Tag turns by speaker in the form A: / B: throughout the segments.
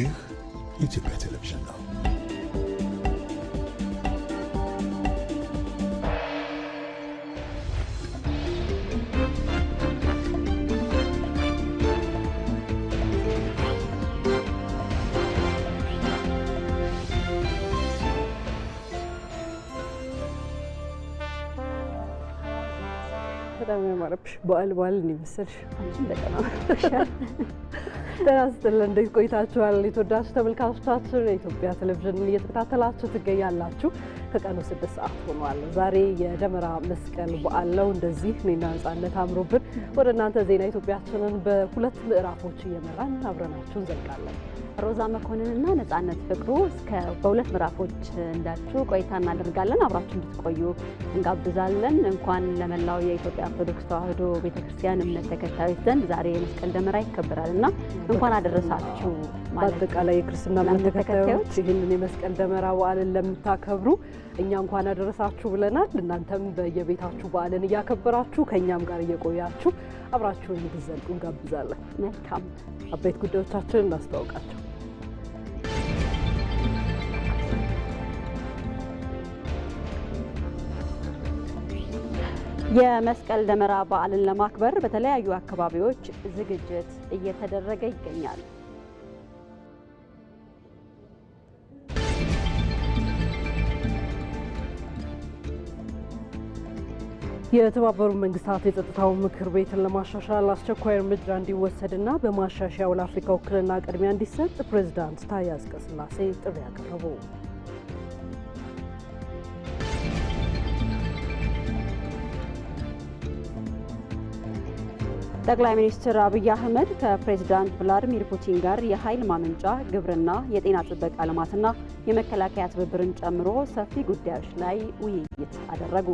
A: الشيخ يتبع تلفزيوننا በጣም ያማረብሽ በዓል በዓል ነው የመሰልሽ። አንቺም በጣም
B: ጤና ይስጥልን እንዴት ቆይታችኋል? የተወዳችሁ ተመልካቾቻችን የኢትዮጵያ ቴሌቪዥን እየተከታተላችሁ ትገኛላችሁ። ከቀኑ ስድስት ሰዓት ሆኗል። ዛሬ የደመራ መስቀል በዓል ነው። እንደዚህ እኔና ነጻነት አምሮብን ወደ እናንተ ዜና ኢትዮጵያችንን በሁለት ምዕራፎች እየመራን አብረናችሁ እንዘልቃለን።
A: ሮዛ መኮንንና ነፃነት ፍቅሩ እስከ በሁለት ምዕራፎች እንዳችሁ ቆይታ እናደርጋለን። አብራችሁ እንድትቆዩ እንጋብዛለን። እንኳን ለመላው የኢትዮጵያ ኦርቶዶክስ ተዋሕዶ ቤተክርስቲያን እምነት ተከታዮች ዘንድ ዛሬ የመስቀል ደመራ ይከበራል እና እንኳን አደረሳችሁ። በአጠቃላይ የክርስትና እምነት ተከታዮች ይህንን የመስቀል ደመራ በዓልን ለምታከብሩ እኛ እንኳን አደረሳችሁ ብለናል። እናንተም በየቤታችሁ በዓልን እያከበራችሁ ከእኛም ጋር እየቆያችሁ አብራችሁን እንድትዘልቁ እንጋብዛለን። መልካም አበይት ጉዳዮቻችን እናስተዋውቃቸው። የመስቀል ደመራ በዓልን ለማክበር በተለያዩ አካባቢዎች ዝግጅት እየተደረገ ይገኛል። የተባበሩት መንግስታት የጸጥታው ምክር ቤትን ለማሻሻል አስቸኳይ እርምጃ እንዲወሰድና በማሻሻያው ለአፍሪካ ውክልና ቅድሚያ እንዲሰጥ ፕሬዚዳንት ታዬ አጽቀሥላሴ ጥሪ አቀረቡ። ጠቅላይ ሚኒስትር አብይ አህመድ ከፕሬዚዳንት ቭላዲሚር ፑቲን ጋር የኃይል ማመንጫ፣ ግብርና፣ የጤና ጥበቃ ልማትና የመከላከያ ትብብርን ጨምሮ ሰፊ ጉዳዮች ላይ ውይይት አደረጉ።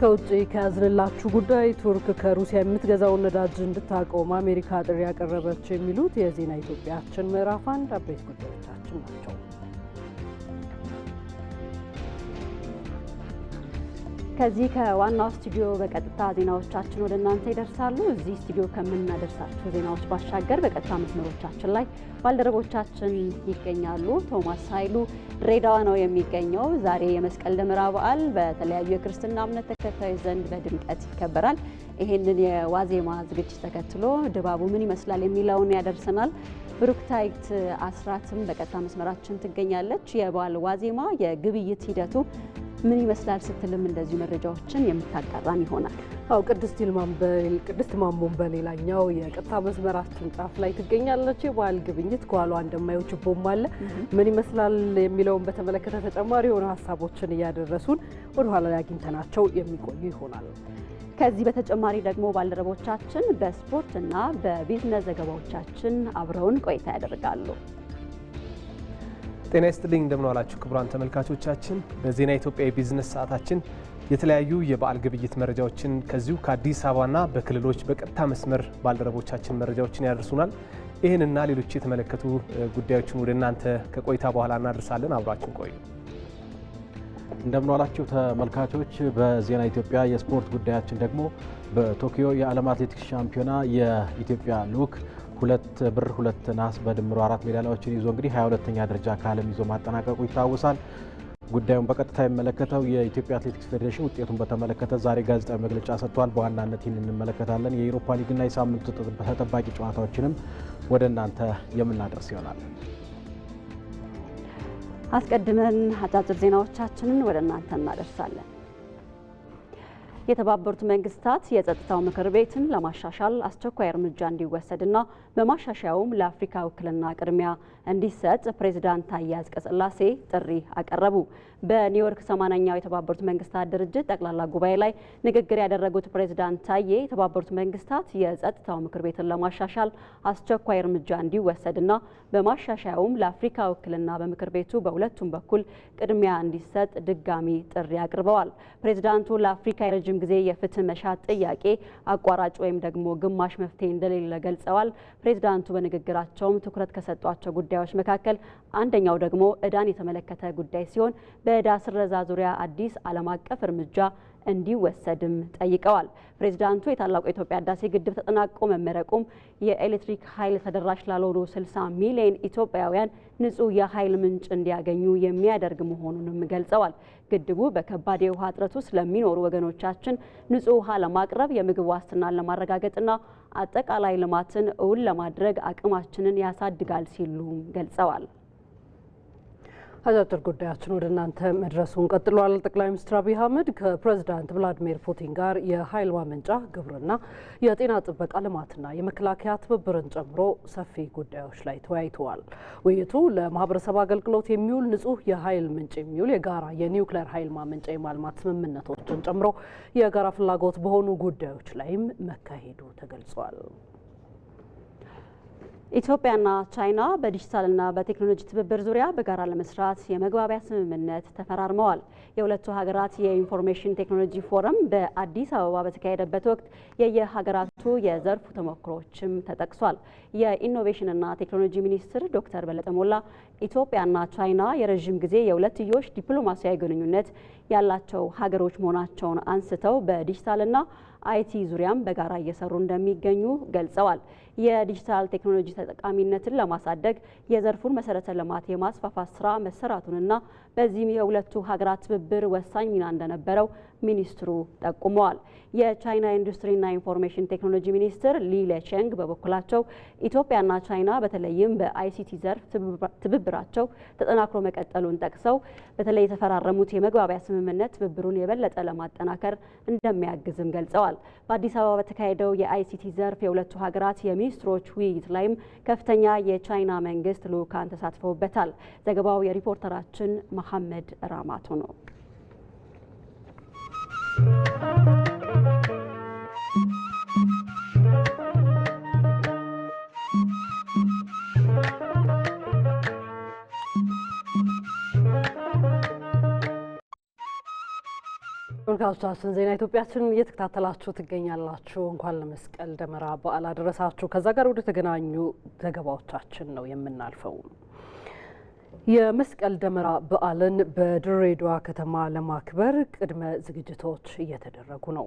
A: ከውጭ ከያዝንላችሁ ጉዳይ ቱርክ ከሩሲያ የምትገዛውን ነዳጅ እንድታቆም አሜሪካ ጥሪ ያቀረበች የሚሉት የዜና ኢትዮጵያችን ምዕራፍ አንድ አበይት ጉዳዮቻችን ናቸው። ከዚህ ከዋናው ስቱዲዮ በቀጥታ ዜናዎቻችን ወደ እናንተ ይደርሳሉ። እዚህ ስቱዲዮ ከምናደርሳቸው ዜናዎች ባሻገር በቀጥታ መስመሮቻችን ላይ ባልደረቦቻችን ይገኛሉ። ቶማስ ኃይሉ ድሬዳዋ ነው የሚገኘው። ዛሬ የመስቀል ደመራ በዓል በተለያዩ የክርስትና እምነት ተከታዮች ዘንድ በድምቀት ይከበራል። ይህንን የዋዜማ ዝግጅት ተከትሎ ድባቡ ምን ይመስላል የሚለውን ያደርሰናል። ብሩክታይት አስራትም በቀጥታ መስመራችን ትገኛለች። የበዓል ዋዜማ የግብይት ሂደቱ ምን ይመስላል ስትልም እንደዚሁ መረጃዎችን የምታጋራን ይሆናል። አው ቅድስት ይልማም ቅድስት ማሞን በሌላኛው የቀጥታ መስመራችን ጫፍ ላይ ትገኛለች። የባህል ግብኝት ከኋሏ እንደማየው ችቦም አለ። ምን ይመስላል የሚለውን በተመለከተ ተጨማሪ የሆኑ ሀሳቦችን እያደረሱን ወደ ኋላ ላይ አግኝተናቸው የሚቆዩ ይሆናል። ከዚህ በተጨማሪ ደግሞ ባልደረቦቻችን በስፖርት እና በቢዝነስ ዘገባዎቻችን አብረውን ቆይታ ያደርጋሉ። ጤና ይስጥልኝ እንደምን ዋላችሁ ክቡራን ተመልካቾቻችን። በዜና ኢትዮጵያ የቢዝነስ ሰዓታችን የተለያዩ የበዓል ግብይት መረጃዎችን ከዚሁ ከአዲስ አበባና በክልሎች በቀጥታ መስመር ባልደረቦቻችን መረጃዎችን ያደርሱናል። ይህንና ሌሎች የተመለከቱ ጉዳዮችን ወደ እናንተ ከቆይታ በኋላ እናደርሳለን። አብሯችን ቆዩ። እንደምን ዋላችሁ ተመልካቾች። በዜና ኢትዮጵያ የስፖርት ጉዳያችን ደግሞ በቶኪዮ የዓለም አትሌቲክስ ሻምፒዮና የኢትዮጵያ ልዑክ ሁለት ብር ሁለት ናስ በድምሮ አራት ሜዳሊያዎችን ይዞ እንግዲህ 22ተኛ ደረጃ ከዓለም ይዞ ማጠናቀቁ ይታወሳል። ጉዳዩን በቀጥታ የሚመለከተው የኢትዮጵያ አትሌቲክስ ፌዴሬሽን ውጤቱን በተመለከተ ዛሬ ጋዜጣዊ መግለጫ ሰጥቷል። በዋናነት ይህን እንመለከታለን። የአውሮፓ ሊግና የሳምንቱ ተጠባቂ ጨዋታዎችንም ወደ እናንተ የምናደርስ ይሆናል። አስቀድመን አጫጭር ዜናዎቻችንን ወደ እናንተ እናደርሳለን። የተባበሩት መንግስታት የጸጥታው ምክር ቤትን ለማሻሻል አስቸኳይ እርምጃ እንዲወሰድና በማሻሻያውም ለአፍሪካ ውክልና ቅድሚያ እንዲሰጥ ፕሬዚዳንት ታዬ አጽቀሥላሴ ጥሪ አቀረቡ። በኒውዮርክ ሰማንያኛው የተባበሩት መንግስታት ድርጅት ጠቅላላ ጉባኤ ላይ ንግግር ያደረጉት ፕሬዚዳንት ታዬ የተባበሩት መንግስታት የጸጥታው ምክር ቤትን ለማሻሻል አስቸኳይ እርምጃ እንዲወሰድና በማሻሻያውም ለአፍሪካ ውክልና በምክር ቤቱ በሁለቱም በኩል ቅድሚያ እንዲሰጥ ድጋሚ ጥሪ አቅርበዋል። ፕሬዚዳንቱ ለአፍሪካ የረጅም ለረጅም ጊዜ የፍትህ መሻት ጥያቄ አቋራጭ ወይም ደግሞ ግማሽ መፍትሄ እንደሌለ ገልጸዋል። ፕሬዚዳንቱ በንግግራቸውም ትኩረት ከሰጧቸው ጉዳዮች መካከል አንደኛው ደግሞ እዳን የተመለከተ ጉዳይ ሲሆን በእዳ ስረዛ ዙሪያ አዲስ ዓለም አቀፍ እርምጃ እንዲወሰድም ጠይቀዋል። ፕሬዚዳንቱ የታላቁ የኢትዮጵያ ህዳሴ ግድብ ተጠናቆ መመረቁም የኤሌክትሪክ ኃይል ተደራሽ ላልሆኑ 60 ሚሊዮን ኢትዮጵያውያን ንጹህ የኃይል ምንጭ እንዲያገኙ የሚያደርግ መሆኑንም ገልጸዋል። ግድቡ በከባድ የውሃ እጥረት ውስጥ ለሚኖሩ ወገኖቻችን ንጹህ ውሃ ለማቅረብ የምግብ ዋስትናን ለማረጋገጥና አጠቃላይ ልማትን እውን ለማድረግ አቅማችንን ያሳድጋል ሲሉም ገልጸዋል። አጫጭር ጉዳያችን ወደ እናንተ መድረሱን ቀጥሏል። ጠቅላይ ሚኒስትር አብይ አህመድ ከፕሬዚዳንት ቭላዲሚር ፑቲን ጋር የኃይል ማመንጫ፣ ግብርና፣ የጤና ጥበቃ ልማትና የመከላከያ ትብብርን ጨምሮ ሰፊ ጉዳዮች ላይ ተወያይተዋል። ውይይቱ ለማህበረሰብ አገልግሎት የሚውል ንጹህ የኃይል ምንጭ የሚውል የጋራ የኒውክሌር ኃይል ማመንጫ የማልማት ስምምነቶችን ጨምሮ የጋራ ፍላጎት በሆኑ ጉዳዮች ላይም መካሄዱ ተገልጿል። ኢትዮጵያና ቻይና በዲጂታልና በቴክኖሎጂ ትብብር ዙሪያ በጋራ ለመስራት የመግባቢያ ስምምነት ተፈራርመዋል። የሁለቱ ሀገራት የኢንፎርሜሽን ቴክኖሎጂ ፎረም በአዲስ አበባ በተካሄደበት ወቅት የየሀገራቱ የዘርፉ ተሞክሮችም ተጠቅሷል። የኢኖቬሽንና ቴክኖሎጂ ሚኒስትር ዶክተር በለጠ ሞላ ኢትዮጵያና ቻይና የረዥም ጊዜ የሁለትዮሽ ዲፕሎማሲያዊ ግንኙነት ያላቸው ሀገሮች መሆናቸውን አንስተው በዲጂታልና አይቲ ዙሪያም በጋራ እየሰሩ እንደሚገኙ ገልጸዋል። የዲጂታል ቴክኖሎጂ ተጠቃሚነትን ለማሳደግ የዘርፉን መሰረተ ልማት የማስፋፋት ስራ መሰራቱንና በዚህም የሁለቱ ሀገራት ትብብር ወሳኝ ሚና እንደነበረው ሚኒስትሩ ጠቁመዋል። የቻይና ኢንዱስትሪና ኢንፎርሜሽን ቴክኖሎጂ ሚኒስትር ሊ ለቼንግ በበኩላቸው ኢትዮጵያና ቻይና በተለይም በአይሲቲ ዘርፍ ትብብራቸው ተጠናክሮ መቀጠሉን ጠቅሰው በተለይ የተፈራረሙት የመግባቢያ ስምምነት ትብብሩን የበለጠ ለማጠናከር እንደሚያግዝም ገልጸዋል። በአዲስ አበባ በተካሄደው የአይሲቲ ዘርፍ የሁለቱ ሀገራት የሚ ሚኒስትሮች ውይይት ላይም ከፍተኛ የቻይና መንግስት ልዑካን ተሳትፈውበታል። ዘገባው የሪፖርተራችን መሐመድ ራማቶ ነው። ተመልካቾቻችን ዜና ኢትዮጵያችን እየተከታተላችሁ ትገኛላችሁ። እንኳን ለመስቀል ደመራ በዓል አደረሳችሁ። ከዛ ጋር ወደ ተገናኙ ዘገባዎቻችን ነው የምናልፈው። የመስቀል ደመራ በዓልን በድሬዳዋ ከተማ ለማክበር ቅድመ ዝግጅቶች እየተደረጉ ነው።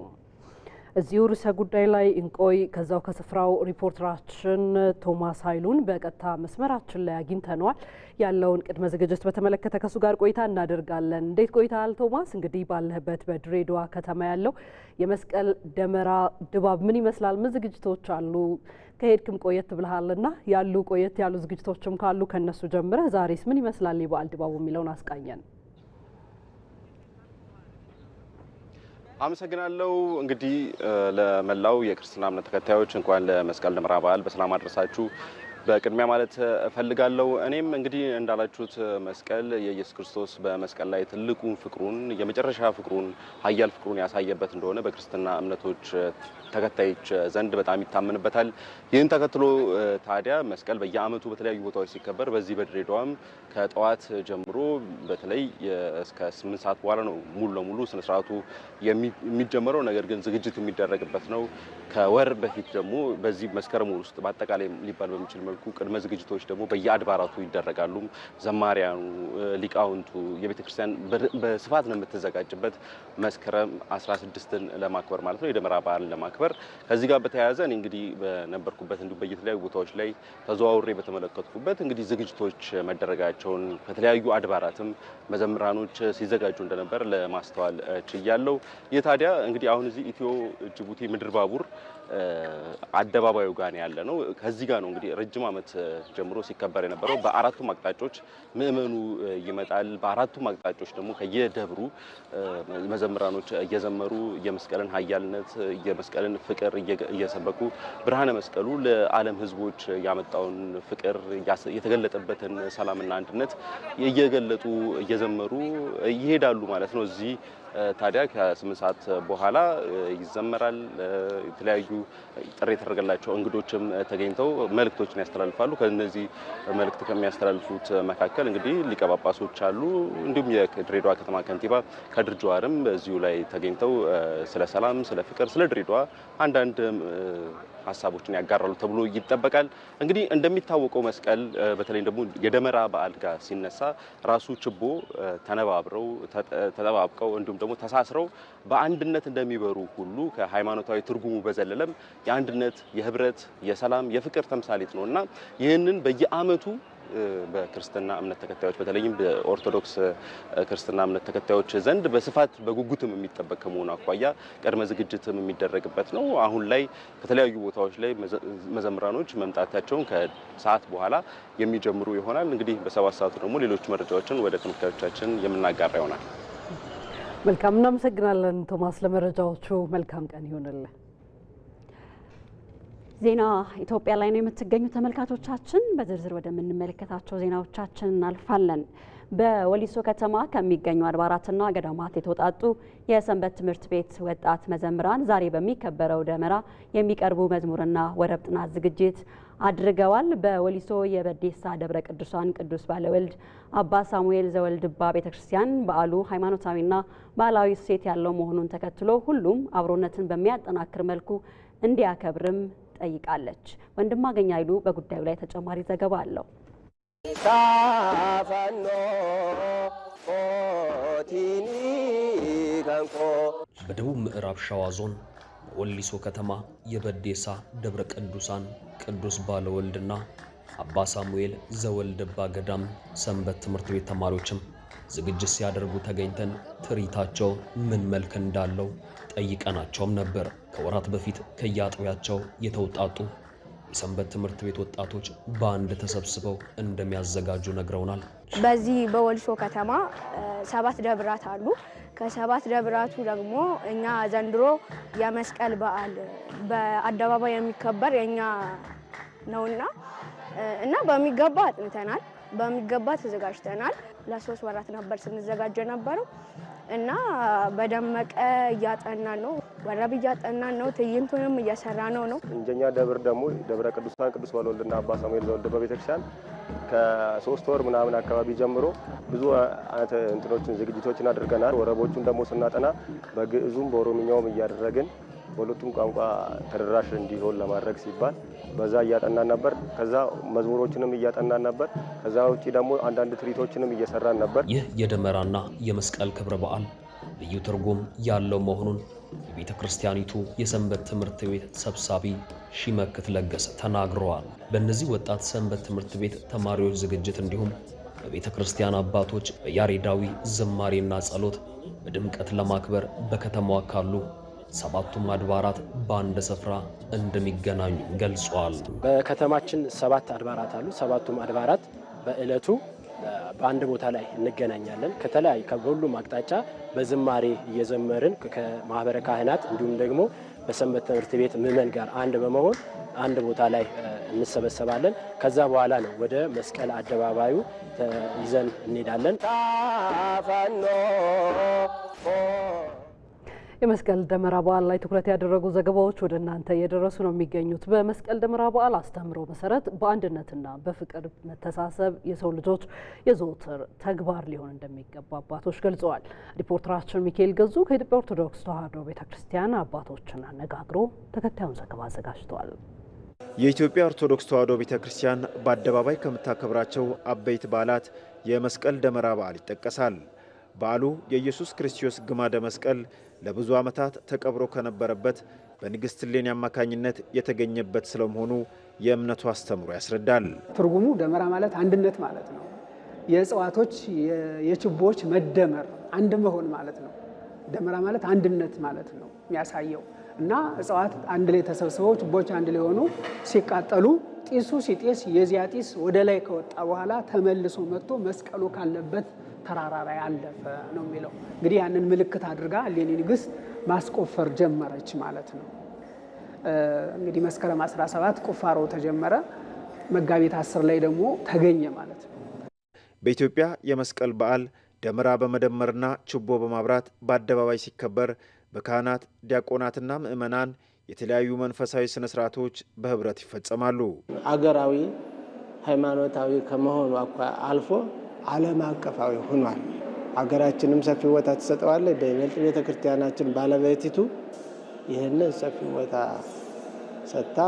A: እዚሁ ርዕሰ ጉዳይ ላይ እንቆይ። ከዛው ከስፍራው ሪፖርተራችን ቶማስ ኃይሉን በቀጥታ መስመራችን ላይ አግኝተነዋል። ያለውን ቅድመ ዝግጅት በተመለከተ ከሱ ጋር ቆይታ እናደርጋለን። እንዴት ቆይታል ቶማስ? እንግዲህ ባለህበት በድሬዳዋ ከተማ ያለው የመስቀል ደመራ ድባብ ምን ይመስላል? ምን ዝግጅቶች አሉ? ከሄድክም ቆየት ብልሃልና ያሉ ቆየት ያሉ ዝግጅቶችም ካሉ ከነሱ ጀምረህ ዛሬስ ምን ይመስላል የበዓል ድባቡ የሚለውን አስቃኘን። አመሰግናለሁ። እንግዲህ ለመላው የክርስትና እምነት ተከታዮች እንኳን ለመስቀል ደመራ በዓል በሰላም አድረሳችሁ በቅድሚያ ማለት እፈልጋለሁ። እኔም እንግዲህ እንዳላችሁት መስቀል የኢየሱስ ክርስቶስ በመስቀል ላይ ትልቁን ፍቅሩን የመጨረሻ ፍቅሩን ኃያል ፍቅሩን ያሳየበት እንደሆነ በክርስትና እምነቶች ተከታዮች ዘንድ በጣም ይታመንበታል። ይህን ተከትሎ ታዲያ መስቀል በየዓመቱ በተለያዩ ቦታዎች ሲከበር በዚህ በድሬዳዋም ከጠዋት ጀምሮ በተለይ እስከ ስምንት ሰዓት በኋላ ነው ሙሉ ለሙሉ ስነስርዓቱ የሚጀመረው። ነገር ግን ዝግጅት የሚደረግበት ነው። ከወር በፊት ደግሞ በዚህ መስከረም ውስጥ በአጠቃላይ ሊባል በሚችል መልኩ ቅድመ ዝግጅቶች ደግሞ በየአድባራቱ ይደረጋሉ። ዘማሪያኑ፣ ሊቃውንቱ፣ የቤተ ክርስቲያን በስፋት ነው የምትዘጋጅበት መስከረም 16ን ለማክበር ማለት ነው የደመራ በዓልን ለማክበር ማክበር። ከዚህ ጋር በተያያዘ እኔ እንግዲህ በነበርኩበት እንዲሁ በየተለያዩ ቦታዎች ላይ ተዘዋውሬ በተመለከትኩበት እንግዲህ ዝግጅቶች መደረጋቸውን ከተለያዩ አድባራትም መዘምራኖች ሲዘጋጁ እንደነበር ለማስተዋል ችያለው። ይህ ታዲያ እንግዲህ አሁን እዚህ ኢትዮ ጅቡቲ ምድር ባቡር አደባባዩ ጋር ያለ ነው። ከዚህ ጋር ነው እንግዲህ ረጅም ዓመት ጀምሮ ሲከበር የነበረው። በአራቱም አቅጣጫዎች ምእመኑ ይመጣል። በአራቱም አቅጣጫዎች ደግሞ ከየደብሩ መዘምራኖች እየዘመሩ የመስቀልን ኃያልነት የመስቀልን ፍቅር እየሰበኩ ብርሃነ መስቀሉ ለዓለም ሕዝቦች ያመጣውን ፍቅር የተገለጠበትን ሰላምና አንድነት እየገለጡ እየዘመሩ ይሄዳሉ ማለት ነው እዚህ ታዲያ ከስምንት ሰዓት በኋላ ይዘመራል። የተለያዩ ጥሪ የተደረገላቸው እንግዶችም ተገኝተው መልእክቶችን ያስተላልፋሉ። ከነዚህ መልእክት ከሚያስተላልፉት መካከል እንግዲህ ሊቀ ጳጳሶች አሉ። እንዲሁም የድሬዳዋ ከተማ ከንቲባ ከድር ጁሃርም በዚሁ ላይ ተገኝተው ስለ ሰላም፣ ስለ ፍቅር፣ ስለ ድሬዳዋ አንዳንድ ሀሳቦችን ያጋራሉ ተብሎ ይጠበቃል። እንግዲህ እንደሚታወቀው መስቀል በተለይ ደግሞ የደመራ በዓል ጋር ሲነሳ ራሱ ችቦ ተነባብረው ተጠባብቀው እንዲሁም ደግሞ ተሳስረው በአንድነት እንደሚበሩ ሁሉ ከሃይማኖታዊ ትርጉሙ በዘለለም የአንድነት፣ የህብረት፣ የሰላም፣ የፍቅር ተምሳሌት ነው እና ይህንን በየአመቱ በክርስትና እምነት ተከታዮች በተለይም በኦርቶዶክስ ክርስትና እምነት ተከታዮች ዘንድ በስፋት በጉጉትም የሚጠበቅ ከመሆኑ አኳያ ቅድመ ዝግጅትም የሚደረግበት ነው። አሁን ላይ ከተለያዩ ቦታዎች ላይ መዘምራኖች መምጣታቸውን ከሰዓት በኋላ የሚጀምሩ ይሆናል። እንግዲህ በሰባት ሰዓቱ ደግሞ ሌሎች መረጃዎችን ወደ ተመልካዮቻችን የምናጋራ ይሆናል። መልካም፣ እናመሰግናለን ቶማስ ለመረጃዎቹ። መልካም ቀን ይሆንልን። ዜና ኢትዮጵያ ላይ ነው የምትገኙ ተመልካቾቻችን። በዝርዝር ወደምንመለከታቸው ዜናዎቻችን እናልፋለን። በወሊሶ ከተማ ከሚገኙ አድባራትና ገዳማት የተውጣጡ የሰንበት ትምህርት ቤት ወጣት መዘምራን ዛሬ በሚከበረው ደመራ የሚቀርቡ መዝሙርና ወረብ ጥናት ዝግጅት አድርገዋል። በወሊሶ የበዴሳ ደብረ ቅዱሳን ቅዱስ ባለወልድ አባ ሳሙኤል ዘወልድባ ቤተክርስቲያን በዓሉ ሃይማኖታዊና ባህላዊ እሴት ያለው መሆኑን ተከትሎ ሁሉም አብሮነትን በሚያጠናክር መልኩ እንዲያከብርም ጠይቃለች። ወንድማገኝ ኃይሉ በጉዳዩ ላይ ተጨማሪ ዘገባ አለው። በደቡብ ምዕራብ ሸዋ ዞን ወሊሶ ከተማ የበዴሳ ደብረ ቅዱሳን ቅዱስ ባለወልድና አባ ሳሙኤል ዘወልደባ ገዳም ሰንበት ትምህርት ቤት ተማሪዎችም ዝግጅት ሲያደርጉ ተገኝተን ትርኢታቸው ምን መልክ እንዳለው ጠይቀናቸውም ነበር። ከወራት በፊት ከየአጥቢያቸው የተውጣጡ የሰንበት ትምህርት ቤት ወጣቶች በአንድ ተሰብስበው እንደሚያዘጋጁ ነግረውናል። በዚህ በወልሾ ከተማ ሰባት ደብራት አሉ። ከሰባት ደብራቱ ደግሞ እኛ ዘንድሮ የመስቀል በዓል በአደባባይ የሚከበር የኛ ነውና እና በሚገባ አጥንተናል። በሚገባ ተዘጋጅተናል። ለሶስት ወራት ነበር ስንዘጋጀ ነበረው እና በደመቀ እያጠናን ነው፣ ወረብ እያጠናን ነው፣ ትዕይንቱንም እየሰራ ነው ነው እንጀኛ ደብር ደግሞ ደብረ ቅዱሳን ቅዱስ ባለወልድና አባ ሳሙኤል ዘወልድ በቤተክርስቲያን ከሶስት ወር ምናምን አካባቢ ጀምሮ ብዙ አይነት እንትኖችን ዝግጅቶችን አድርገናል። ወረቦቹን ደግሞ ስናጠና በግዕዙም በኦሮምኛውም እያደረግን በሁለቱም ቋንቋ ተደራሽ እንዲሆን ለማድረግ ሲባል በዛ እያጠናን ነበር። ከዛ መዝሙሮችንም እያጠናን ነበር። ከዛ ውጭ ደግሞ አንዳንድ ትርኢቶችንም እየሰራን ነበር። ይህ የደመራና የመስቀል ክብረ በዓል ልዩ ትርጉም ያለው መሆኑን የቤተ ክርስቲያኒቱ የሰንበት ትምህርት ቤት ሰብሳቢ ሺመክት ለገሰ ተናግረዋል። በእነዚህ ወጣት ሰንበት ትምህርት ቤት ተማሪዎች ዝግጅት እንዲሁም በቤተ ክርስቲያን አባቶች በያሬዳዊ ዝማሬና ጸሎት በድምቀት ለማክበር በከተማዋ ካሉ ሰባቱም አድባራት በአንድ ስፍራ እንደሚገናኙ ገልጿል። በከተማችን ሰባት አድባራት አሉ። ሰባቱም አድባራት በእለቱ በአንድ ቦታ ላይ እንገናኛለን። ከተለያዩ ከሁሉም አቅጣጫ በዝማሬ እየዘመርን ከማህበረ ካህናት እንዲሁም ደግሞ በሰንበት ትምህርት ቤት ምዕመን ጋር አንድ በመሆን አንድ ቦታ ላይ እንሰበሰባለን። ከዛ በኋላ ነው ወደ መስቀል አደባባዩ ይዘን እንሄዳለን። የመስቀል ደመራ በዓል ላይ ትኩረት ያደረጉ ዘገባዎች ወደ እናንተ እየደረሱ ነው የሚገኙት። በመስቀል ደመራ በዓል አስተምሮ መሰረት በአንድነትና በፍቅር መተሳሰብ የሰው ልጆች የዘወትር ተግባር ሊሆን እንደሚገባ አባቶች ገልጸዋል። ሪፖርተራችን ሚካኤል ገዙ ከኢትዮጵያ ኦርቶዶክስ ተዋሕዶ ቤተ ክርስቲያን አባቶችን አነጋግሮ ተከታዩን ዘገባ አዘጋጅተዋል። የኢትዮጵያ ኦርቶዶክስ ተዋሕዶ ቤተ ክርስቲያን በአደባባይ ከምታከብራቸው አበይት በዓላት የመስቀል ደመራ በዓል ይጠቀሳል። በዓሉ የኢየሱስ ክርስቶስ ግማደ መስቀል ለብዙ ዓመታት ተቀብሮ ከነበረበት በንግሥት እሌኒ አማካኝነት የተገኘበት ስለመሆኑ የእምነቱ አስተምሮ ያስረዳል። ትርጉሙ ደመራ ማለት አንድነት ማለት ነው። የእጽዋቶች የችቦች መደመር አንድ መሆን ማለት ነው። ደመራ ማለት አንድነት ማለት ነው የሚያሳየው እና እጽዋት አንድ ላይ ተሰብስበው ችቦች አንድ ላይ ሆነው ሲቃጠሉ ጢሱ ሲጤስ የዚያ ጢስ ወደ ላይ ከወጣ በኋላ ተመልሶ መጥቶ መስቀሉ ካለበት ተራራ ላይ አለፈ ነው የሚለው። እንግዲህ ያንን ምልክት አድርጋ እሌኒ ንግስት ማስቆፈር ጀመረች ማለት ነው። እንግዲህ መስከረም 17 ቁፋሮ ተጀመረ፣ መጋቢት 10 ላይ ደግሞ ተገኘ ማለት ነው። በኢትዮጵያ የመስቀል በዓል ደመራ በመደመርና ችቦ በማብራት በአደባባይ ሲከበር በካህናት ዲያቆናትና ምእመናን የተለያዩ መንፈሳዊ ስነ ስርዓቶች በህብረት ይፈጸማሉ። አገራዊ ሃይማኖታዊ ከመሆኑ አልፎ ዓለም አቀፋዊ ሆኗል። ሀገራችንም ሰፊ ቦታ ትሰጠዋለች። በይበልጥ ቤተ ክርስቲያናችን ባለቤቲቱ ይህንን ሰፊ ቦታ ሰጥታ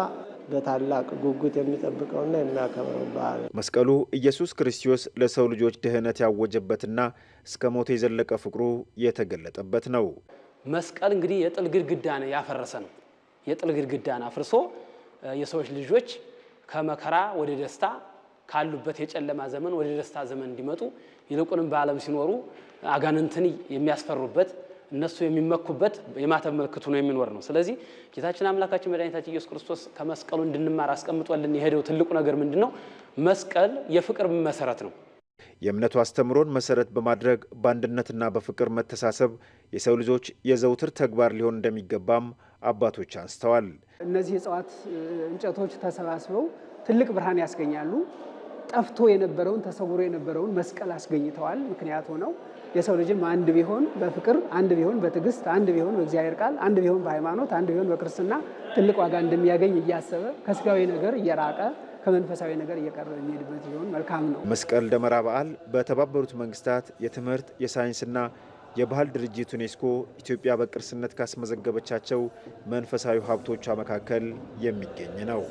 A: በታላቅ ጉጉት የሚጠብቀውና የሚያከብረው በዓል መስቀሉ ኢየሱስ ክርስቶስ ለሰው ልጆች ድህነት ያወጀበትና እስከ ሞት የዘለቀ ፍቅሩ የተገለጠበት ነው። መስቀል እንግዲህ የጥል ግድግዳን ያፈረሰ ነው። የጥል ግድግዳን አፍርሶ የሰዎች ልጆች ከመከራ ወደ ደስታ ካሉበት የጨለማ ዘመን ወደ ደስታ ዘመን እንዲመጡ ይልቁንም በዓለም ሲኖሩ አጋንንትን የሚያስፈሩበት እነሱ የሚመኩበት የማተብ ምልክቱ ነው የሚኖር ነው። ስለዚህ ጌታችን አምላካችን መድኃኒታችን ኢየሱስ ክርስቶስ ከመስቀሉ እንድንማር አስቀምጦልን የሄደው ትልቁ ነገር ምንድን ነው? መስቀል የፍቅር መሰረት ነው። የእምነቱ አስተምሮን መሰረት በማድረግ በአንድነትና በፍቅር መተሳሰብ የሰው ልጆች የዘውትር ተግባር ሊሆን እንደሚገባም አባቶች አንስተዋል። እነዚህ የእጽዋት እንጨቶች ተሰባስበው ትልቅ ብርሃን ያስገኛሉ። ጠፍቶ የነበረውን ተሰውሮ የነበረውን መስቀል አስገኝተዋል። ምክንያት ሆነው የሰው ልጅም አንድ ቢሆን በፍቅር አንድ ቢሆን በትዕግስት አንድ ቢሆን በእግዚአብሔር ቃል አንድ ቢሆን በሃይማኖት አንድ ቢሆን በክርስትና ትልቅ ዋጋ እንደሚያገኝ እያሰበ ከስጋዊ ነገር እየራቀ ከመንፈሳዊ ነገር እየቀረበ የሚሄድበት ቢሆን መልካም ነው። መስቀል ደመራ በዓል በተባበሩት መንግስታት የትምህርት የሳይንስና የባህል ድርጅት ዩኔስኮ ኢትዮጵያ በቅርስነት ካስመዘገበቻቸው መንፈሳዊ ሀብቶቿ መካከል የሚገኝ ነው።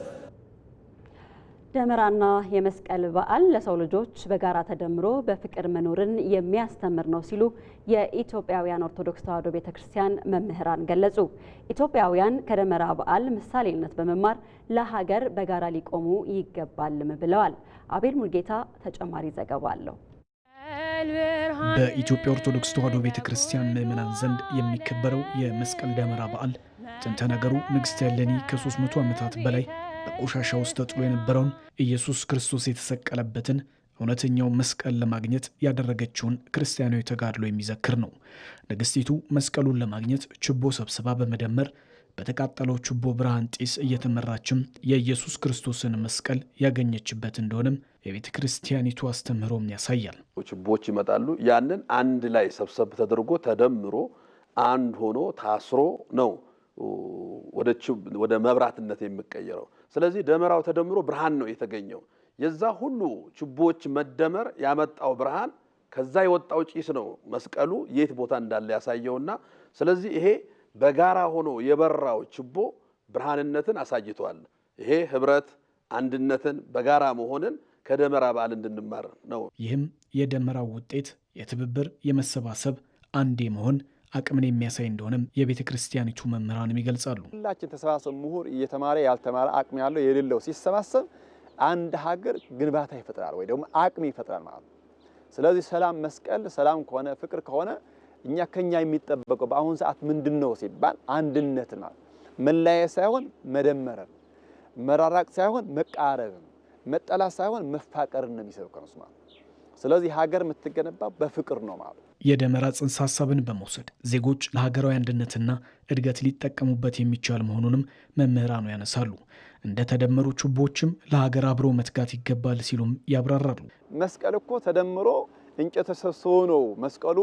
A: ደመራና የመስቀል በዓል ለሰው ልጆች በጋራ ተደምሮ በፍቅር መኖርን የሚያስተምር ነው ሲሉ የኢትዮጵያውያን ኦርቶዶክስ ተዋሕዶ ቤተ ክርስቲያን መምህራን ገለጹ። ኢትዮጵያውያን ከደመራ በዓል ምሳሌነት በመማር ለሀገር በጋራ ሊቆሙ ይገባልም ብለዋል። አቤል ሙልጌታ ተጨማሪ ዘገባ አለው። በኢትዮጵያ ኦርቶዶክስ ተዋሕዶ ቤተ ክርስቲያን ምዕመናን ዘንድ የሚከበረው የመስቀል ደመራ በዓል ጥንተ ነገሩ ንግሥት እሌኒ ከ300 ዓመታት በላይ ቆሻሻ ውስጥ ተጥሎ የነበረውን ኢየሱስ ክርስቶስ የተሰቀለበትን እውነተኛው መስቀል ለማግኘት ያደረገችውን ክርስቲያናዊ ተጋድሎ የሚዘክር ነው። ንግሥቲቱ መስቀሉን ለማግኘት ችቦ ሰብስባ በመደመር በተቃጠለው ችቦ ብርሃን ጢስ እየተመራችም የኢየሱስ ክርስቶስን መስቀል ያገኘችበት እንደሆነም የቤተ ክርስቲያኒቱ አስተምህሮም ያሳያል። ችቦች ይመጣሉ። ያንን አንድ ላይ ሰብሰብ ተደርጎ ተደምሮ አንድ ሆኖ ታስሮ ነው ወደ መብራትነት የሚቀየረው። ስለዚህ ደመራው ተደምሮ ብርሃን ነው የተገኘው። የዛ ሁሉ ችቦዎች መደመር ያመጣው ብርሃን ከዛ የወጣው ጭስ ነው መስቀሉ የት ቦታ እንዳለ ያሳየውና ስለዚህ ይሄ በጋራ ሆኖ የበራው ችቦ ብርሃንነትን አሳይቷል። ይሄ ህብረት፣ አንድነትን፣ በጋራ መሆንን ከደመራ በዓል እንድንማር ነው። ይህም የደመራው ውጤት የትብብር የመሰባሰብ አንዴ መሆን አቅምን የሚያሳይ እንደሆነም የቤተ ክርስቲያኒቱ መምህራንም ይገልጻሉ። ሁላችን ተሰባሰብ ምሁር እየተማረ ያልተማረ አቅም ያለው የሌለው ሲሰባሰብ አንድ ሀገር ግንባታ ይፈጥራል ወይ ደግሞ አቅም ይፈጥራል ማለት ነው። ስለዚህ ሰላም መስቀል ሰላም ከሆነ ፍቅር ከሆነ እኛ ከኛ የሚጠበቀው በአሁኑ ሰዓት ምንድን ነው ሲባል አንድነት ማለት መለያየት ሳይሆን መደመርን፣ መራራቅ ሳይሆን መቃረብን፣ መጠላት ሳይሆን መፋቀርን ነው የሚሰብከው ማለት ነው። ስለዚህ ሀገር የምትገነባው በፍቅር ነው ማለት። የደመራ ጽንሰ ሀሳብን በመውሰድ ዜጎች ለሀገራዊ አንድነትና እድገት ሊጠቀሙበት የሚቻል መሆኑንም መምህራኑ ያነሳሉ። እንደ ተደመሩ ችቦችም ለሀገር አብሮ መትጋት ይገባል ሲሉም ያብራራሉ። መስቀል እኮ ተደምሮ እንጨት ተሰብስቦ ነው መስቀሉ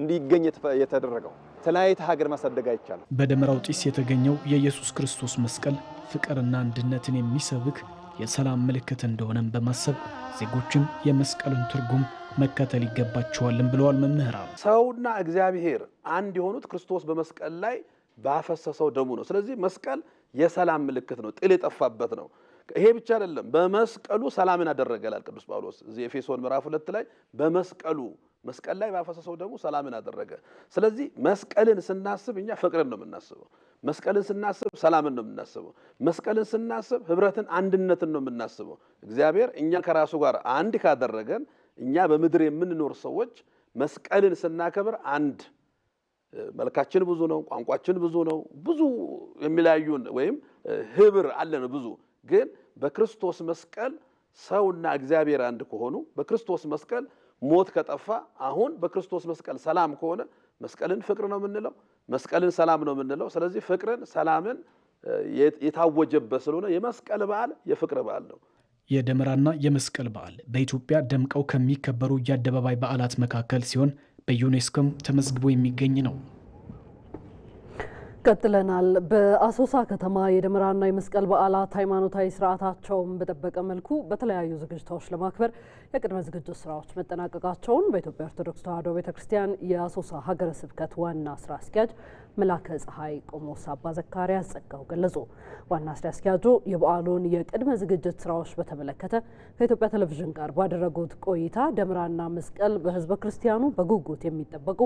A: እንዲገኝ የተደረገው። ተለያየተ ሀገር ማሳደግ አይቻልም። በደመራው ጢስ የተገኘው የኢየሱስ ክርስቶስ መስቀል ፍቅርና አንድነትን የሚሰብክ የሰላም ምልክት እንደሆነም በማሰብ ዜጎችም የመስቀሉን ትርጉም መከተል ይገባቸዋልን ብለዋል መምህራን። ሰውና እግዚአብሔር አንድ የሆኑት ክርስቶስ በመስቀል ላይ ባፈሰሰው ደሙ ነው። ስለዚህ መስቀል የሰላም ምልክት ነው፣ ጥል የጠፋበት ነው። ይሄ ብቻ አይደለም፣ በመስቀሉ ሰላምን አደረገላል ቅዱስ ጳውሎስ እዚህ ኤፌሶን ምዕራፍ ሁለት ላይ በመስቀሉ መስቀል ላይ ባፈሰሰው ደግሞ ሰላምን አደረገ። ስለዚህ መስቀልን ስናስብ እኛ ፍቅርን ነው የምናስበው። መስቀልን ስናስብ ሰላምን ነው የምናስበው። መስቀልን ስናስብ ህብረትን፣ አንድነትን ነው የምናስበው። እግዚአብሔር እኛ ከራሱ ጋር አንድ ካደረገን እኛ በምድር የምንኖር ሰዎች መስቀልን ስናከብር አንድ መልካችን ብዙ ነው፣ ቋንቋችን ብዙ ነው። ብዙ የሚለያዩን ወይም ህብር አለን ብዙ ግን በክርስቶስ መስቀል ሰውና እግዚአብሔር አንድ ከሆኑ በክርስቶስ መስቀል ሞት ከጠፋ አሁን በክርስቶስ መስቀል ሰላም ከሆነ መስቀልን ፍቅር ነው የምንለው፣ መስቀልን ሰላም ነው የምንለው። ስለዚህ ፍቅርን፣ ሰላምን የታወጀበት ስለሆነ የመስቀል በዓል የፍቅር በዓል ነው። የደመራና የመስቀል በዓል በኢትዮጵያ ደምቀው ከሚከበሩ የአደባባይ በዓላት መካከል ሲሆን በዩኔስኮም ተመዝግቦ የሚገኝ ነው። ቀጥለናል። በአሶሳ ከተማ የደመራና የመስቀል በዓላት ሃይማኖታዊ ስርዓታቸውን በጠበቀ መልኩ በተለያዩ ዝግጅታዎች ለማክበር የቅድመ ዝግጅት ስራዎች መጠናቀቃቸውን በኢትዮጵያ ኦርቶዶክስ ተዋሕዶ ቤተክርስቲያን የአሶሳ ሀገረ ስብከት ዋና ስራ አስኪያጅ መላከ ፀሐይ ቆሞስ አባ ዘካርያስ ጸጋው ገለጹ። ዋና ስራ አስኪያጁ የበዓሉን የቅድመ ዝግጅት ስራዎች በተመለከተ ከኢትዮጵያ ቴሌቪዥን ጋር ባደረጉት ቆይታ ደምራና መስቀል በህዝበ ክርስቲያኑ በጉጉት የሚጠበቁ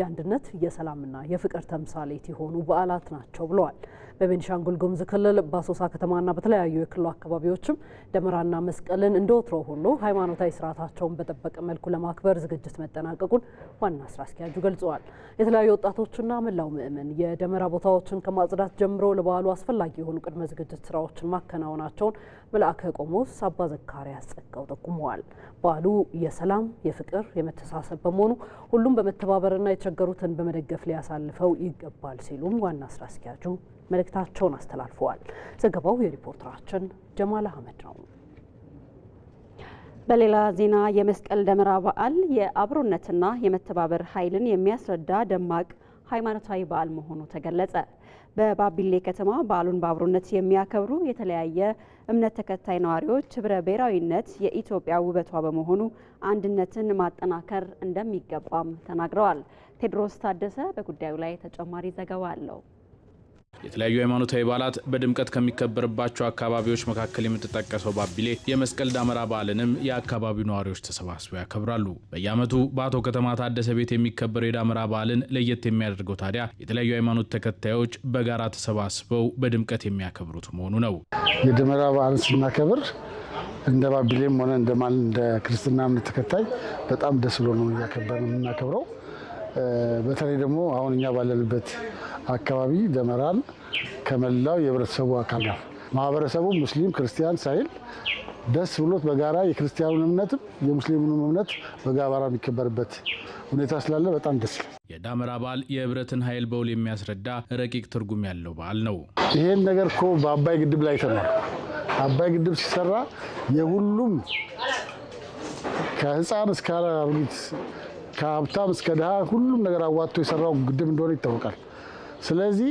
A: የአንድነት የሰላምና የፍቅር ተምሳሌት የሆኑ በዓላት ናቸው ብለዋል። በቤኒሻንጉል ጉሙዝ ክልል በአሶሳ ከተማና በተለያዩ የክልሉ አካባቢዎችም ደመራና መስቀልን እንደወትሮ ሁሉ ሃይማኖታዊ ስርዓታቸውን በጠበቀ መልኩ ለማክበር ዝግጅት መጠናቀቁን ዋና ስራ አስኪያጁ ገልጸዋል። የተለያዩ ወጣቶችና መላው ምዕመን የደመራ ቦታዎችን ከማጽዳት ጀምሮ ለበዓሉ አስፈላጊ የሆኑ ቅድመ ዝግጅት ስራዎችን ማከናወናቸውን መልአከ ቆሞስ አባ ዘካርያስ ጸጋው ጠቁመዋል። በዓሉ የሰላም የፍቅር፣ የመተሳሰብ በመሆኑ ሁሉም በመተባበርና የተቸገሩትን በመደገፍ ሊያሳልፈው ይገባል ሲሉም ዋና ስራ አስኪያጁ መልእክታቸውን አስተላልፈዋል። ዘገባው የሪፖርተራችን ጀማል አህመድ ነው። በሌላ ዜና የመስቀል ደመራ በዓል የአብሮነትና የመተባበር ኃይልን የሚያስረዳ ደማቅ ሃይማኖታዊ በዓል መሆኑ ተገለጸ። በባቢሌ ከተማ በዓሉን በአብሮነት የሚያከብሩ የተለያየ እምነት ተከታይ ነዋሪዎች ህብረ ብሔራዊነት የኢትዮጵያ ውበቷ በመሆኑ አንድነትን ማጠናከር እንደሚገባም ተናግረዋል። ቴድሮስ ታደሰ በጉዳዩ ላይ ተጨማሪ ዘገባ አለው። የተለያዩ ሃይማኖታዊ በዓላት በድምቀት ከሚከበርባቸው አካባቢዎች መካከል የምትጠቀሰው ባቢሌ የመስቀል ደመራ በዓልንም የአካባቢው ነዋሪዎች ተሰባስበው ያከብራሉ። በየዓመቱ በአቶ ከተማ ታደሰ ቤት የሚከበረው የደመራ በዓልን ለየት የሚያደርገው ታዲያ የተለያዩ ሃይማኖት ተከታዮች በጋራ ተሰባስበው በድምቀት የሚያከብሩት መሆኑ ነው። የደመራ በዓልን ስናከብር እንደ ባቢሌም ሆነ እንደ ክርስትና እምነት ተከታይ በጣም ደስ ብሎ ነው እያከበር የምናከብረው። በተለይ ደግሞ አሁን እኛ ባለንበት አካባቢ ደመራን ከመላው የህብረተሰቡ አካል ጋር ማህበረሰቡ ሙስሊም ክርስቲያን ሳይል ደስ ብሎት በጋራ የክርስቲያኑን እምነትም የሙስሊሙንም እምነት በጋራ የሚከበርበት ሁኔታ ስላለ በጣም ደስ ይላል። የዳመራ በዓል የህብረትን ኃይል በውል የሚያስረዳ ረቂቅ ትርጉም ያለው በዓል ነው። ይሄን ነገር እኮ በአባይ ግድብ ላይ ተማርኩ። አባይ ግድብ ሲሰራ የሁሉም ከህፃን እስከ አሮጊት ከሀብታም እስከ ድሃ ሁሉም ነገር አዋጥቶ የሰራው ግድብ እንደሆነ ይታወቃል። ስለዚህ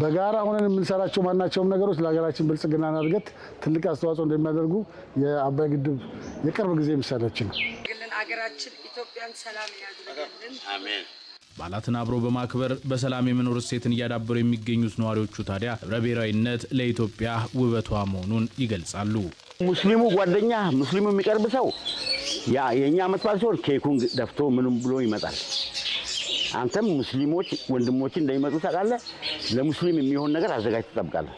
A: በጋራ ሆነን የምንሰራቸው ማናቸውም ነገሮች ለሀገራችን ብልጽግናና እድገት ትልቅ አስተዋጽኦ እንደሚያደርጉ የአባይ ግድብ የቅርብ ጊዜ ምሳሌያችን ነው። ሀገራችን ኢትዮጵያን ሰላም ያድርግልን። አሜን። በዓላትን አብሮ በማክበር በሰላም የመኖር እሴትን እያዳበሩ የሚገኙት ነዋሪዎቹ ታዲያ ህብረ ብሔራዊነት ለኢትዮጵያ ውበቷ መሆኑን ይገልጻሉ። ሙስሊሙ ጓደኛ ሙስሊሙ የሚቀርብ ሰው የእኛ መስፋት ሲሆን ኬኩን ደፍቶ ምንም ብሎ ይመጣል። አንተም ሙስሊሞች ወንድሞች እንደሚመጡ ታውቃለህ። ለሙስሊም የሚሆን ነገር አዘጋጅ ትጠብቃለህ።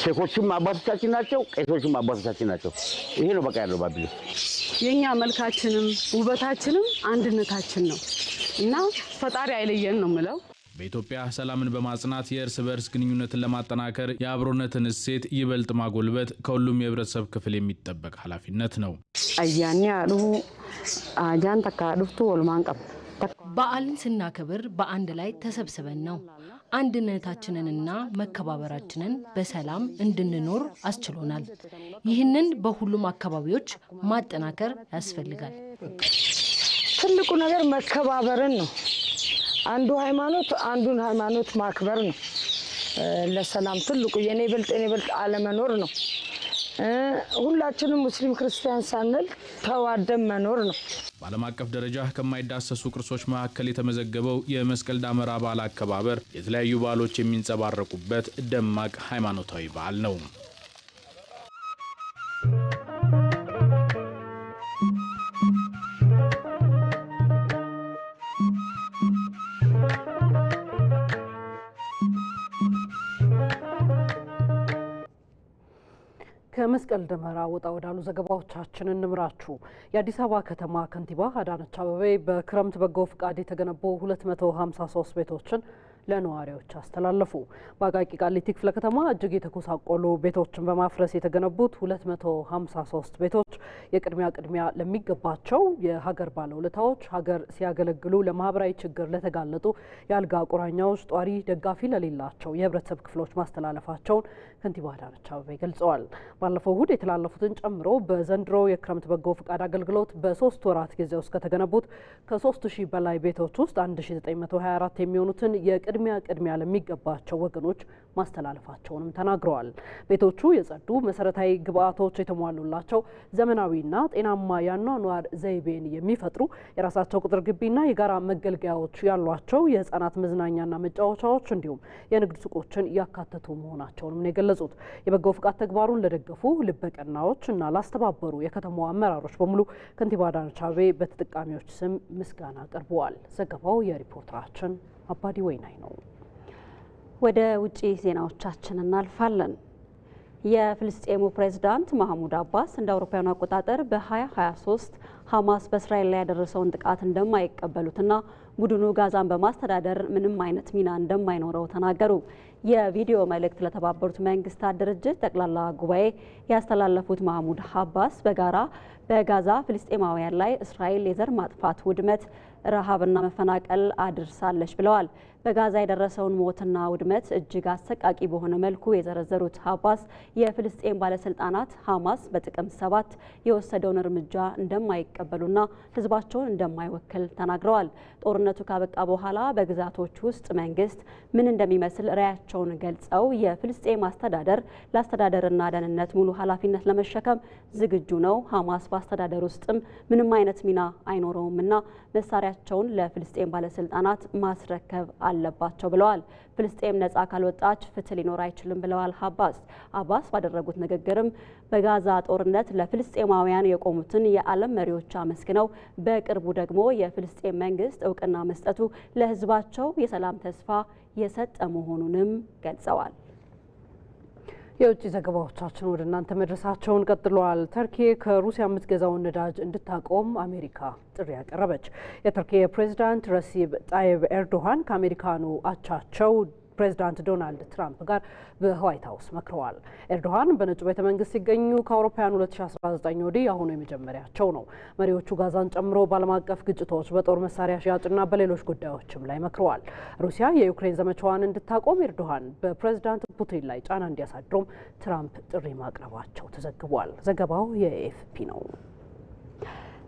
A: ሼኮቹም አባቶቻችን ናቸው፣ ቄሶቹም አባቶቻችን ናቸው። ይሄ ነው በቃ ያለው ባቢሎ። የእኛ መልካችንም ውበታችንም አንድነታችን ነው እና ፈጣሪ አይለየን ነው ምለው። በኢትዮጵያ ሰላምን በማጽናት የእርስ በእርስ ግንኙነትን ለማጠናከር የአብሮነትን እሴት ይበልጥ ማጎልበት ከሁሉም የህብረተሰብ ክፍል የሚጠበቅ ኃላፊነት ነው። አያኔ አሉ አጃን ተካዱፍቱ ወልማን ቀብ በዓልን ስናከብር በአንድ ላይ ተሰብስበን ነው። አንድነታችንንና መከባበራችንን በሰላም እንድንኖር አስችሎናል። ይህንን በሁሉም አካባቢዎች ማጠናከር ያስፈልጋል። ትልቁ ነገር መከባበርን ነው። አንዱ ሃይማኖት አንዱን ሃይማኖት ማክበር ነው። ለሰላም ትልቁ የኔ በልጥ የኔ በልጥ አለመኖር ነው። ሁላችንም ሙስሊም ክርስቲያን ሳንል ተዋደም መኖር ነው። በዓለም አቀፍ ደረጃ ከማይዳሰሱ ቅርሶች መካከል የተመዘገበው የመስቀል ደመራ በዓል አከባበር የተለያዩ በዓሎች የሚንጸባረቁበት ደማቅ ሃይማኖታዊ በዓል ነው። ከመስቀል ደመራ ወጣ ወዳሉ ዘገባዎቻችን እንምራችሁ። የአዲስ አበባ ከተማ ከንቲባ አዳነች አበቤ በክረምት በጎ ፍቃድ የተገነቡ 253 ቤቶችን ለነዋሪዎች አስተላለፉ። በአቃቂ ቃሊቲ ክፍለ ከተማ እጅግ የተኮሳቆሉ ቤቶችን በማፍረስ የተገነቡት 253 ቤቶች የቅድሚያ ቅድሚያ ለሚገባቸው የሀገር ባለውለታዎች፣ ሀገር ሲያገለግሉ ለማህበራዊ ችግር ለተጋለጡ የአልጋ ቁራኛዎች፣ ጧሪ ደጋፊ ለሌላቸው የህብረተሰብ ክፍሎች ማስተላለፋቸውን ከንቲባ አዳነች አቤቤ ገልጸዋል። ባለፈው እሁድ የተላለፉትን ጨምሮ በዘንድሮ የክረምት በጎ ፍቃድ አገልግሎት በሶስት ወራት ጊዜ ውስጥ ከተገነቡት ከ3000 በላይ ቤቶች ውስጥ 1924 የሚሆኑትን የቅድ ቅድሚያ ቅድሚያ ለሚገባቸው ወገኖች ማስተላለፋቸውንም ተናግረዋል። ቤቶቹ የጸዱ፣ መሰረታዊ ግብአቶች የተሟሉላቸው፣ ዘመናዊና ጤናማ የአኗኗር ዘይቤን የሚፈጥሩ የራሳቸው ቁጥር ግቢና የጋራ መገልገያዎች ያሏቸው የህጻናት መዝናኛና መጫወቻዎች እንዲሁም የንግድ ሱቆችን ያካተቱ መሆናቸውንም ነው የገለጹት። የበጎ ፍቃድ ተግባሩን ለደገፉ ልበቀናዎች እና ላስተባበሩ የከተማዋ አመራሮች በሙሉ ከንቲባ አዳነች አቤቤ በተጠቃሚዎች ስም ምስጋና አቅርበዋል። ዘገባው የሪፖርተራችን አባዲ ወይናይ ነው። ወደ ውጭ ዜናዎቻችን እናልፋለን። የፍልስጤሙ ፕሬዝዳንት ማህሙድ አባስ እንደ አውሮፓውያኑ አቆጣጠር በ2023 ሐማስ በእስራኤል ላይ ያደረሰውን ጥቃት እንደማይቀበሉትና ቡድኑ ጋዛን በማስተዳደር ምንም አይነት ሚና እንደማይኖረው ተናገሩ። የቪዲዮ መልእክት ለተባበሩት መንግስታት ድርጅት ጠቅላላ ጉባኤ ያስተላለፉት ማህሙድ አባስ በጋራ በጋዛ ፍልስጤማውያን ላይ እስራኤል የዘር ማጥፋት ውድመት ረሃብና መፈናቀል አድርሳለች ብለዋል። በጋዛ የደረሰውን ሞትና ውድመት እጅግ አሰቃቂ በሆነ መልኩ የዘረዘሩት አባስ የፍልስጤን ባለስልጣናት ሐማስ በጥቅምት ሰባት የወሰደውን እርምጃ እንደማይቀበሉና ህዝባቸውን እንደማይወክል ተናግረዋል። ጦርነቱ ካበቃ በኋላ በግዛቶች ውስጥ መንግስት ምን እንደሚመስል ራዕያቸውን ገልጸው የፍልስጤም አስተዳደር ለአስተዳደርና ደህንነት ሙሉ ኃላፊነት ለመሸከም ዝግጁ ነው፣ ሐማስ በአስተዳደር ውስጥም ምንም አይነት ሚና አይኖረውምና መሳሪያ መሬታቸውን ለፍልስጤም ባለስልጣናት ማስረከብ አለባቸው ብለዋል። ፍልስጤም ነጻ ካልወጣች ፍትህ ሊኖር አይችልም ብለዋል አባስ። አባስ ባደረጉት ንግግርም በጋዛ ጦርነት ለፍልስጤማውያን የቆሙትን የዓለም መሪዎች አመስግነው በቅርቡ ደግሞ የፍልስጤም መንግስት እውቅና መስጠቱ ለህዝባቸው የሰላም ተስፋ የሰጠ መሆኑንም ገልጸዋል። የውጭ ዘገባዎቻችን ወደ እናንተ መድረሳቸውን ቀጥለዋል። ተርኪ ከሩሲያ የምትገዛውን ነዳጅ እንድታቆም አሜሪካ ጥሪ ያቀረበች። የተርኪ ፕሬዚዳንት ረሲብ ጣይብ ኤርዶሃን ከአሜሪካኑ አቻቸው ፕሬዚዳንት ዶናልድ ትራምፕ ጋር በዋይት ሀውስ መክረዋል። ኤርዶሃን በነጩ ቤተ መንግስት ሲገኙ ከአውሮፓውያኑ 2019 ወዲህ አሁኑ የመጀመሪያቸው ነው። መሪዎቹ ጋዛን ጨምሮ በዓለም አቀፍ ግጭቶች፣ በጦር መሳሪያ ሽያጭና በሌሎች ጉዳዮችም ላይ መክረዋል። ሩሲያ የዩክሬን ዘመቻዋን እንድታቆም ኤርዶሃን በፕሬዚዳንት ፑቲን ላይ ጫና እንዲያሳድሩም ትራምፕ ጥሪ ማቅረባቸው ተዘግቧል። ዘገባው የኤፍፒ ነው።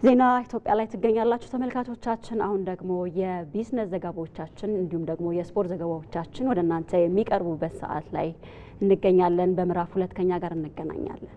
A: ዜና ኢትዮጵያ ላይ ትገኛላችሁ ተመልካቾቻችን። አሁን ደግሞ የቢዝነስ ዘገባዎቻችን እንዲሁም ደግሞ የስፖርት ዘገባዎቻችን ወደ እናንተ የሚቀርቡበት ሰዓት ላይ እንገኛለን። በምዕራፍ ሁለት ከኛ ጋር እንገናኛለን።